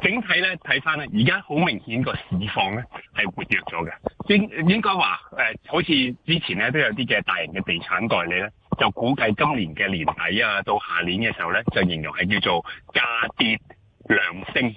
整體咧睇翻咧，而家好明顯個市況咧係活躍咗嘅，應應該話誒、呃，好似之前咧都有啲嘅大型嘅地產代理咧，就估計今年嘅年底啊，到下年嘅時候咧，就形容係叫做價跌量升。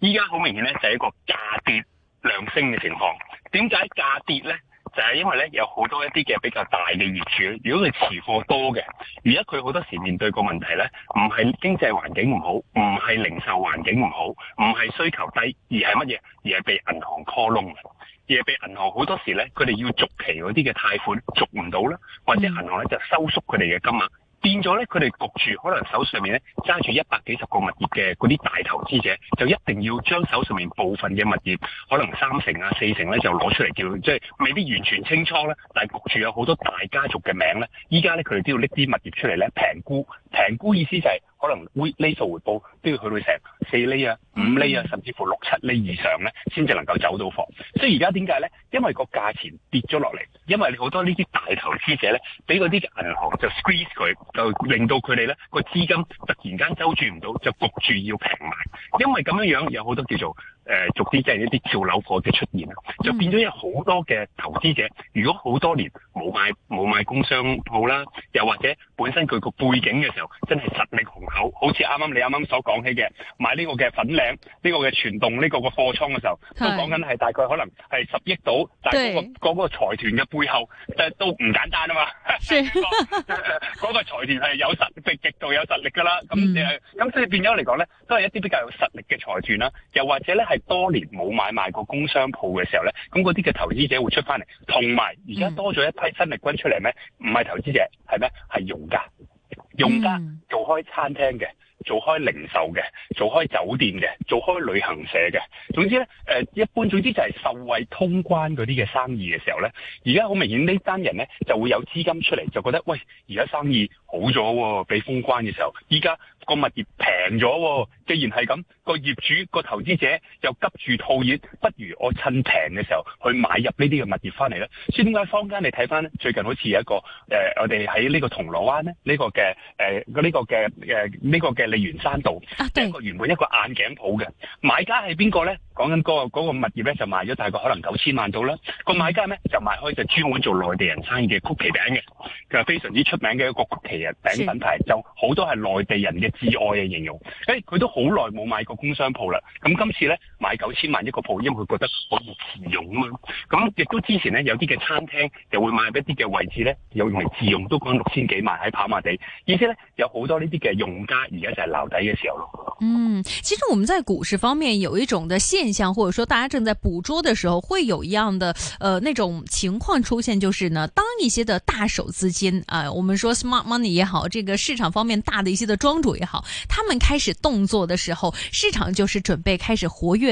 依家好明顯咧，就係、一個價跌量升嘅情況。點解價跌咧？就係因為咧，有好多一啲嘅比較大嘅業主，如果佢持貨多嘅，而家佢好多時面對個問題咧，唔係經濟環境唔好，唔係零售環境唔好，唔係需求低，而係乜嘢？而係被銀行 call 窿，而係被銀行好多時咧，佢哋要續期嗰啲嘅貸款續唔到啦，或者銀行咧就收縮佢哋嘅金額。變咗咧，佢哋焗住，可能手上面咧揸住一百幾十個物業嘅嗰啲大投資者，就一定要將手上面部分嘅物業，可能三成啊四成咧就攞出嚟叫。即係未必完全清倉咧，但係焗住有好多大家族嘅名咧，依家咧佢哋都要拎啲物業出嚟咧，平沽，平沽意思就係。可能會呢數回報都要去到成四厘啊、五厘啊，甚至乎六七厘以上咧，先至能夠走到貨。所以而家點解咧？因為個價錢跌咗落嚟，因為你好多呢啲大投資者咧，俾嗰啲銀行就 squeeze 佢，就令到佢哋咧個資金突然間周轉唔到，就焗住要平賣。因為咁樣樣有好多叫做。誒、呃，逐啲即係一啲跳樓貨嘅出現啦，就變咗有好多嘅投資者，如果好多年冇買冇買工商鋪啦，又或者本身佢個背景嘅時候，真係實力雄厚，好似啱啱你啱啱所講起嘅買呢個嘅粉嶺呢、呢個嘅全棟呢個嘅貨倉嘅時候，都講緊係大概可能係十億到，但係、那、嗰個嗰對個財團嘅背後，即、呃、都唔簡單啊嘛，嗰 個財團係有實力，係極度有實力㗎啦，咁誒、即係，咁所以變咗嚟講咧，都係一啲比較有實力嘅財團啦，又或者咧。係多年冇買賣過工商鋪嘅時候咧，咁嗰啲嘅投資者會出翻嚟，同埋而家多咗一批新力軍出嚟咩？唔係投資者，係咩？係用家。用家做開餐廳嘅，做開零售嘅，做開酒店嘅，做開旅行社嘅，總之咧，誒、呃，一般總之就係受惠通關嗰啲嘅生意嘅時候咧，而家好明顯呢單人咧就會有資金出嚟，就覺得喂，而家生意好咗喎，畀封關嘅時候，依家個物業平咗喎。既然係咁，個業主、個投資者又急住套現，不如我趁平嘅時候去買入呢啲嘅物業翻嚟咧。所以點解坊間你睇翻咧，最近好似有一個，誒、呃，我哋喺呢個銅鑼灣咧，呢個嘅。誒，呢、呃這個嘅誒呢個嘅利源山道、啊、一個原本一個眼鏡鋪嘅買家係邊、個咧？講緊嗰個個物業咧就賣咗大概可能九千萬到啦。個買家咧就賣開就專門做內地人餐嘅曲奇餅嘅，就非常之出名嘅一個曲奇人餅品牌，品牌，是就好多係內地人嘅摯愛嘅形容。誒，佢都好耐冇買過工商鋪啦，咁今次咧。買九千萬一個鋪，因為佢覺得可以自用啊嘛。咁亦都之前呢，有啲嘅餐廳就會買一啲嘅位置呢，有用嚟自用，都講六千幾萬喺跑馬地。而且呢，有好多呢啲嘅用家而家就係留底嘅時候咯。嗯，其實我們在股市方面有一種嘅現象，或者說大家正在捕捉的時候，會有一樣的，呃，那種情況出現，就是呢，當一些的大手資金，啊、呃，我們說 smart money 也好，這個市場方面大的一些的莊主也好，他們開始動作的時候，市場就是準備開始活躍。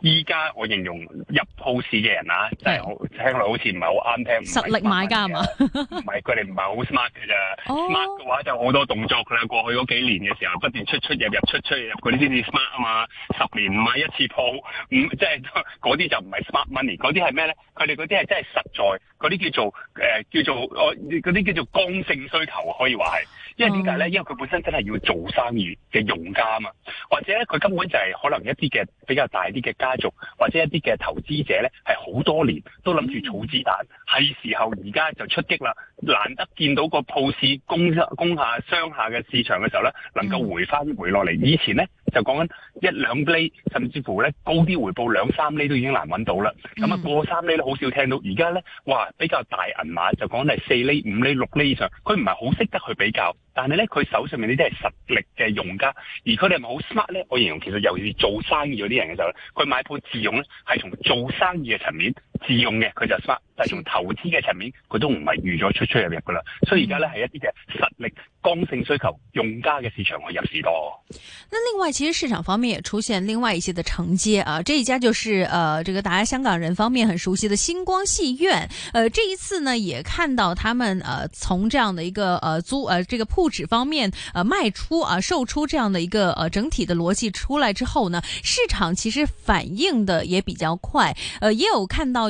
依家我形容入鋪市嘅人啊，真係好聽落好似唔係好啱聽。Money, 實力買家啊嘛，唔係佢哋唔係好 smart 嘅咋，smart 嘅話就好多動作啦。過去嗰幾年嘅時候，不斷出出入入出出入嗰入啲先至 smart 啊嘛。十年唔買一次鋪，唔即係嗰啲就唔、是、係 smart money，嗰啲係咩咧？佢哋嗰啲係真係實在，嗰啲叫做誒、呃、叫做我嗰啲叫做剛性需求可以話係。因為點解咧？因為佢本身真係要做生意嘅用家啊嘛，或者咧佢根本就係可能一啲嘅比較大啲嘅家族，或者一啲嘅投資者咧，係好多年都諗住儲子彈，係、嗯、時候而家就出擊啦。難得見到個鋪市供供下商下嘅市場嘅時候咧，能夠回翻回落嚟。以前咧。就講緊一兩厘，甚至乎咧高啲回報兩三厘都已經難揾到啦。咁啊過三厘都好少聽到。而家咧，哇比較大銀碼就講緊係四厘、五厘、六厘以上，佢唔係好識得去比較，但係咧佢手上面呢啲係實力嘅用家，而佢哋係咪好 smart 咧？我形容其實尤其是做生意嗰啲人嘅時候，佢買鋪自用咧係從做生意嘅層面。自用嘅佢就翻，但係從投資嘅層面，佢都唔係預咗出出入入噶啦。所以而家咧係一啲嘅實力剛性需求用家嘅市場去入市多。那另外，其實市場方面也出現另外一些的承接啊，這一家就是呃，這個大家香港人方面很熟悉的星光戲院。呃，這一次呢，也看到他們呃，從這樣的一個呃租呃，這個鋪址方面呃，賣出啊售出這樣的一個呃整體的邏輯出來之後呢，市場其實反應的也比較快，呃，也有看到。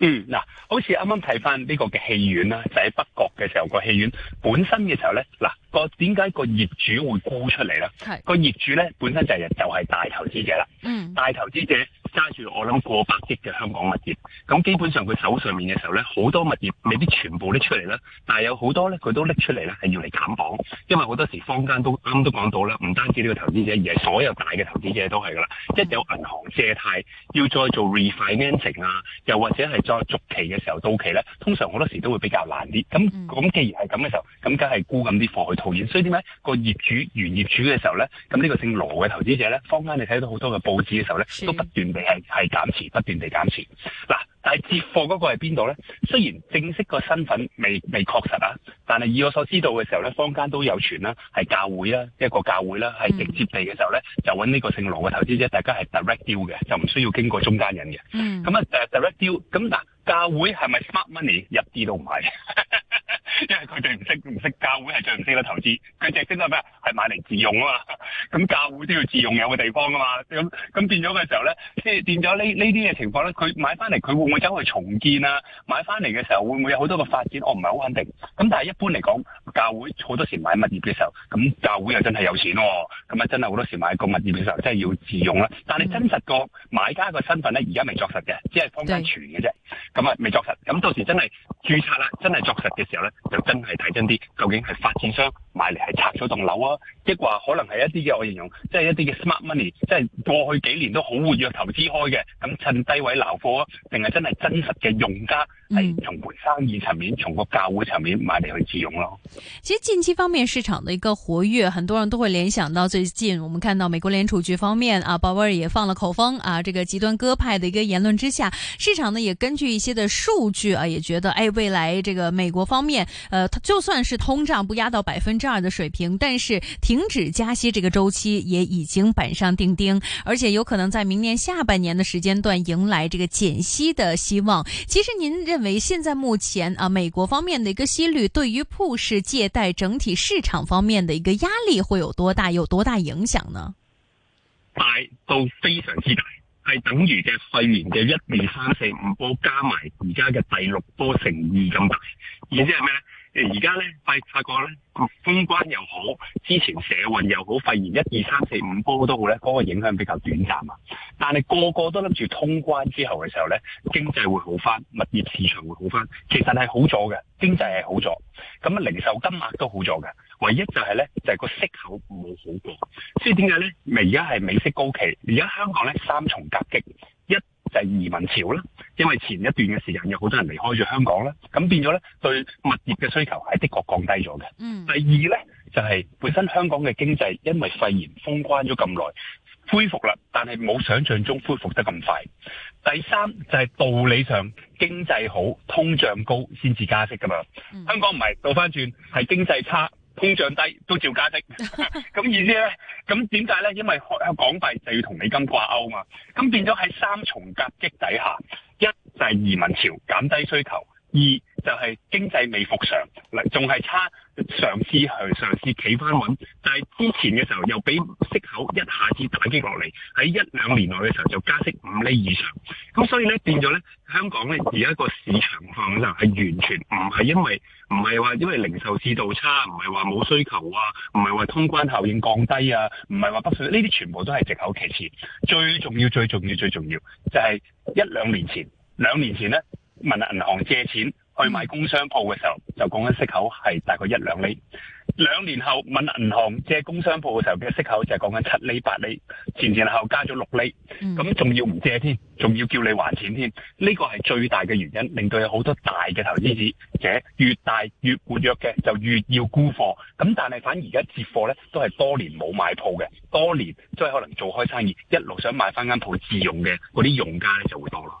嗯，嗱，好似啱啱睇翻呢個嘅戲院啦，就喺北角嘅時候，個戲院本身嘅時候咧，嗱，個點解個業主會沽出嚟咧？個是業主咧，本身就係就係大投資者啦，大投資者。嗯揸住我諗過百億嘅香港物業，咁基本上佢手上面嘅時候咧，好多物業未必全部拎出嚟啦，但係有好多咧佢都拎出嚟咧，係要嚟減磅，因為好多時坊間都啱都講到啦，唔單止呢個投資者，而係所有大嘅投資者都係噶啦，一有銀行借貸要再做 refinancing 啊，又或者係再續期嘅時候到期咧，通常好多時都會比較難啲，咁咁、嗯、既然係咁嘅時候，咁梗係沽咁啲貨去套現，所以點解個業主原業主嘅時候咧，咁呢個姓羅嘅投資者咧，坊間你睇到好多嘅報紙嘅時候咧，都不斷。係係減持，不斷地減持。嗱，但係接貨嗰個係邊度咧？雖然正式個身份未未確實啊，但係以我所知道嘅時候咧，坊間都有傳啦，係教會啦，一個教會啦，係直接地嘅時候咧，就搵呢個姓盧嘅投資者，大家係 direct deal 嘅，就唔需要經過中間人嘅。嗯，咁啊，誒，uh，direct deal，咁嗱。教會係咪 Smart Money？一啲都唔係， 因為佢哋唔識唔識，教會係最唔識得投資。佢淨係識得咩？係買嚟自用啊嘛。咁 教會都要自用有個地方噶嘛。咁咁變咗嘅時候咧，即係變咗呢呢啲嘅情況咧，佢買翻嚟佢會唔會走去重建啊？買翻嚟嘅時候會唔會有好多個發展？我唔係好肯定。咁但係一般嚟講，教會好多時買物業嘅時候，咁教會又真係有錢喎、哦。咁啊真係好多時買個物業嘅時候，真係要自用啦。但係真實個買家個身份咧，而家未作實嘅，只係坊間傳嘅啫。咁啊未作實。咁到時真係註冊啦，真係作實嘅時候咧，就真係睇真啲，究竟係發展商買嚟係拆咗棟樓啊？即係話可能係一啲嘅我形容，即係一啲嘅 smart money，即係過去幾年都好活躍投資開嘅，咁趁低位撈貨咯，定係真係真實嘅用家係從做生意層面，從個客戶層面買嚟去自用咯。嗯、其實近期方面市場的一個活躍，很多人都會聯想到最近，我們看到美國聯儲局方面啊，鮑威爾也放了口風啊，這個極端鴿派的一個言論之下，市場呢也根據一些的數據啊，也覺得，誒，未來這個美國方面，呃、啊，就算是通脹不壓到百分之二的水平，但是停。停止加息這個周期也已經板上釘釘，而且有可能在明年下半年的時間段迎來這個減息的希望。其實，您認為現在目前啊，美國方面的一個息率對於鋪市借貸整體市場方面的一個壓力會有多大？有多大影響呢？大到非常之大，係等於嘅肺炎嘅一二三四五波加埋而家嘅第六波乘二咁大。然之係咩咧？而家咧，發發覺咧，封關又好，之前社運又好，肺炎一二三四五波都好咧，嗰、那個影響比較短暫啊。但係個個都諗住通關之後嘅時候咧，經濟會好翻，物業市場會好翻。其實係好咗嘅，經濟係好咗，咁啊零售金額都好咗嘅。唯一就係咧，就係、是、個息口冇好過。所以點解咧？咪而家係美息高企，而家香港咧三重夾擊。一就係、是、移民潮啦，因為前一段嘅時間有好多人離開咗香港啦，咁變咗咧對物業嘅需求係的確降低咗嘅。嗯、第二咧就係、是、本身香港嘅經濟因為肺炎封關咗咁耐，恢復啦，但係冇想象中恢復得咁快。第三就係、是、道理上經濟好通脹高先至加息噶嘛，嗯、香港唔係倒翻轉係經濟差。通脹低都照加息，咁意思咧？咁點解咧？因為港幣就要同美金掛鈎嘛，咁變咗喺三重夾擊底下，一就係移民潮減低需求。二就係、是、經濟未復常，仲係差嘗試去嘗試企翻穩，但係之前嘅時候又俾息口一下子打擊落嚟，喺一兩年內嘅時候就加息五厘以上，咁所以呢，變咗呢香港呢而家個市場況呢係完全唔係因為唔係話因為零售市道差，唔係話冇需求啊，唔係話通關效應降低啊，唔係話北上，呢啲全部都係藉口。其次，最重要最重要最重要就係、是、一兩年前，兩年前呢。問銀行借錢去買工商鋪嘅時候，就講緊息口係大概一兩厘。兩年後問銀行借工商鋪嘅時候，嘅息口就係講緊七厘八厘，前前後後加咗六厘。咁仲、嗯、要唔借添，仲要叫你還錢添。呢、呢個係最大嘅原因，令到有好多大嘅投資者，越大越活躍嘅就越要沽貨。咁但係反而而家接貨呢，都係多年冇買鋪嘅，多年都係可能做開生意，一路想買翻間鋪自用嘅嗰啲用家咧就會多咯。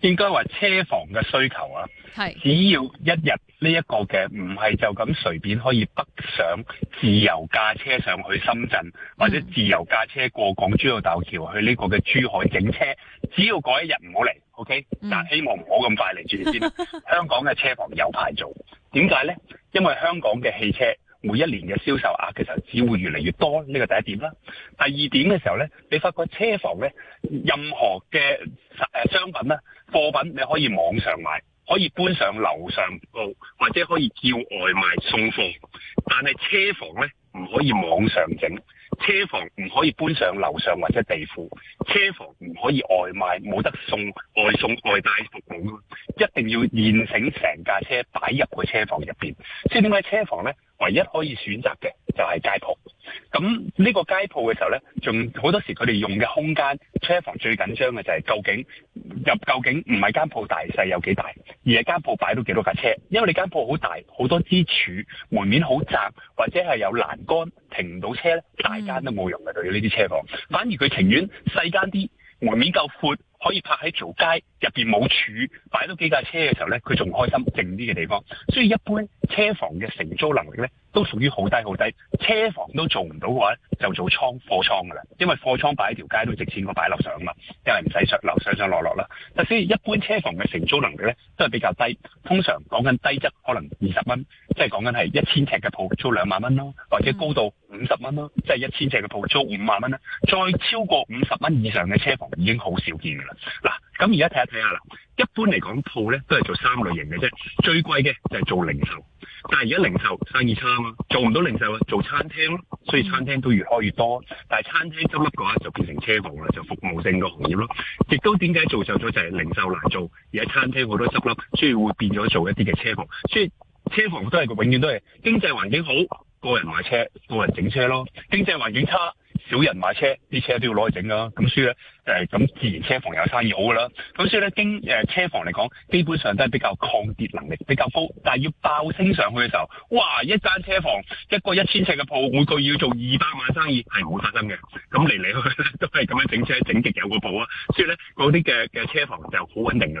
應該話車房嘅需求啊，係是只要一日呢一個嘅唔係就咁隨便可以北上自由駕車上去深圳，或者自由駕車過港珠澳大橋去呢個嘅珠海整車，只要嗰一日唔好嚟，OK，、嗯、但希望唔好咁快嚟住先。香港嘅車房有排做，點解呢？因為香港嘅汽車。每一年嘅銷售額其實只會越嚟越多，呢個第一點啦。第二點嘅時候呢，你發覺車房呢，任何嘅商品啦、貨品，你可以網上買，可以搬上樓上舖，或者可以叫外賣送貨。但係車房呢，唔可以網上整，車房唔可以搬上樓上或者地庫，車房唔可以外賣，冇得送外送外帶服務。一定要現成整成架車擺入去車房入邊。所以點解車房呢？唯一可以選擇嘅就係街鋪。咁呢個街鋪嘅時候呢，仲好多時佢哋用嘅空間，車房最緊張嘅就係究竟入，究竟唔係間鋪大細有幾大，而係間鋪擺到幾多架車。因為你間鋪好大，好多支柱，門面好窄，或者係有欄杆，停唔到車呢，大間都冇用嘅，對呢啲車房。反而佢情願細間啲，門面夠闊，可以泊喺條街入邊冇柱擺到幾架車嘅時候呢，佢仲開心靜啲嘅地方。所以一般。車房嘅承租能力咧，都屬於好低好低。車房都做唔到嘅話，就做倉貨倉噶啦。因為貨倉擺喺條街都值錢過擺樓上啊，因為唔使上樓上上落落啦。但係先一般車房嘅承租能力咧，都係比較低。通常講緊低質可能二十蚊，即係講緊係一千尺嘅鋪租兩萬蚊咯，或者高到五十蚊咯，即係一千尺嘅鋪租五萬蚊啦。再超過五十蚊以上嘅車房已經好少見噶啦。咁而家睇下，睇下啦，一般嚟講鋪咧都係做三類型嘅啫，最貴嘅就係做零售，但係而家零售生意差啊嘛，做唔到零售啊，做餐廳咯，所以餐廳都越開越多，但係餐廳執笠嘅話就變成車房啦，就服務性嘅行業咯，亦都點解造就咗就係零售難做，而家餐廳好多執笠，所以會變咗做一啲嘅車房，所以車房都係個永遠都係經濟環境好，個人買車，個人整車咯，經濟環境差。少人買車，啲車都要攞去整啦、啊。咁所以咧，誒、呃，咁自然車房有生意好噶啦。咁所以咧，經誒車房嚟講，基本上都係比較抗跌能力比較高，但係要爆升上去嘅時候，哇！一間車房一個一千尺嘅鋪，每個月要做二百萬生意，係唔會發生嘅。咁嚟嚟去去咧，都係咁樣整車，整極有個譜啊。所以咧，嗰啲嘅嘅車房就好穩定噶。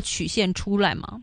曲線出,出來嘛？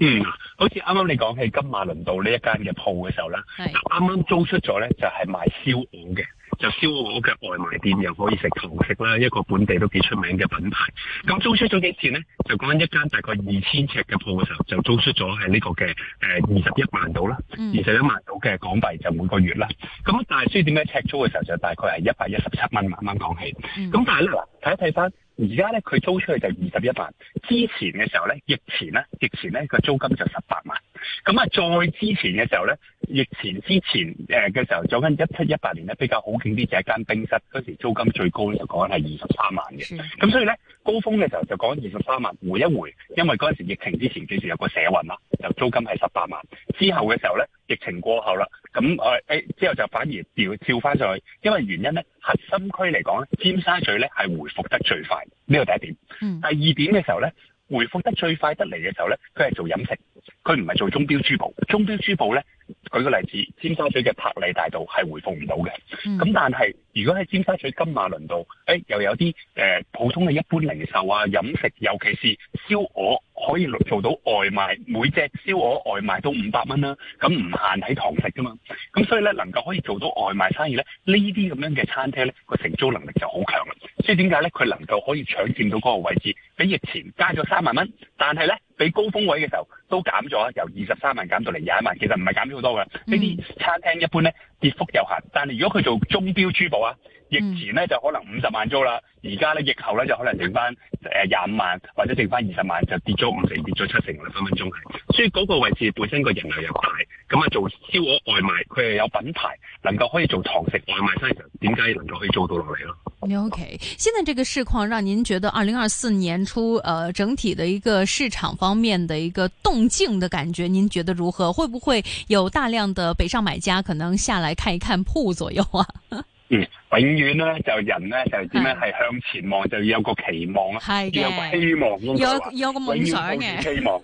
嗯，好似啱啱你講起金馬倫道呢一間嘅鋪嘅時候咧，啱啱是租出咗咧就係賣燒鵝嘅，就燒鵝嘅外賣店又可以食堂食啦，一個本地都幾出名嘅品牌。咁、嗯、租出咗幾錢咧？就講一間大概二千尺嘅鋪嘅時候，就租出咗係呢個嘅誒二十一萬到啦，二十一萬到嘅港幣就每個月啦。咁但係需要點解尺租嘅時候就大概係一百一十七蚊。慢慢講起。咁、嗯、但係咧，睇一睇翻。看看而家咧，佢租出去就二十一萬。之前嘅時候咧，疫前咧，疫前咧個租金就十八萬。咁、嗯、啊，再之前嘅時候咧，疫前之前誒嘅、呃、時候，做緊一七一八年咧比較好景啲，就係、是、間冰室嗰時租金最高咧，就講係二十三萬嘅。咁所以咧，高峰嘅時候就講二十三萬回一回，因為嗰陣時疫情之前幾時有個社運啦，就租金係十八萬。之後嘅時候咧，疫情過後啦。咁我、嗯哎、之後就反而調照翻上去，因為原因咧，核心區嚟講咧，尖沙咀咧係回復得最快，呢個第一點。嗯、第二點嘅時候咧，回復得最快得嚟嘅時候咧，佢係做飲食，佢唔係做鐘表珠寶。鐘表珠寶咧，舉個例子，尖沙咀嘅柏麗大道係回復唔到嘅。咁、嗯、但係如果喺尖沙咀金馬倫道，誒、哎、又有啲誒、呃、普通嘅一般零售啊、飲食，尤其是燒鵝。可以做到外賣，每隻燒鵝外賣都五百蚊啦。咁唔限喺堂食噶嘛。咁所以咧，能夠可以做到外賣生意咧，呢啲咁樣嘅餐廳咧，個承租能力就好強啦。所以點解咧，佢能夠可以搶佔到嗰個位置，比疫情加咗三萬蚊，但係咧，比高峰位嘅時候都減咗，由二十三萬減到零廿一萬，其實唔係減咗好多㗎。呢啲、嗯、餐廳一般咧跌幅有限，但係如果佢做鐘錶珠寶啊。嗯、疫前呢，就可能五十萬租啦，而家呢，疫後呢，就可能剩翻誒廿五萬或者剩翻二十萬，就跌咗五成，跌咗七成啦，分分鐘。所以嗰個位置本身個容量又大，咁啊、嗯、做燒鵝外賣，佢又有品牌，能夠可以做堂食外賣所以就點解能夠可以租到落嚟咯？OK，現在這個市況，讓您覺得二零二四年初，呃整體的一個市場方面的一個動靜的感覺，您覺得如何？會不會有大量的北上買家可能下來看一看鋪左右啊？ 嗯，永遠咧就人咧就點樣係向前望，就要有個期望，要有個希望，有有個夢想，永遠抱住希望，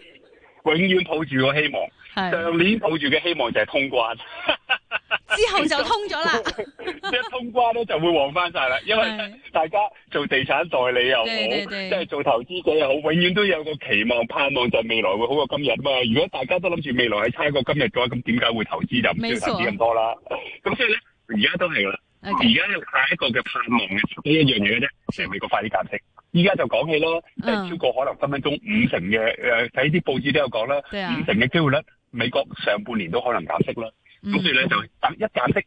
永遠抱住個希望。上年抱住嘅希望就係通關，之後就通咗啦。一通關咧就會旺翻晒啦，因為大家做地產代理又好，即係做投資者又好，永遠都有個期望盼望，就未來會好過今日啊嘛。如果大家都諗住未來係差過今日嘅話，咁點解會投資就唔需要投資咁多啦？咁所以咧，而家都係啦。而家又下一個嘅盼望嘅呢一樣嘢啫，成美國快啲減息。依家就講起咯，uh, 即係超過可能分分鐘五成嘅，睇、呃、啲報紙都有講啦，五、uh. 成嘅機會咧，美國上半年都可能減息啦。咁所以咧就等一減息，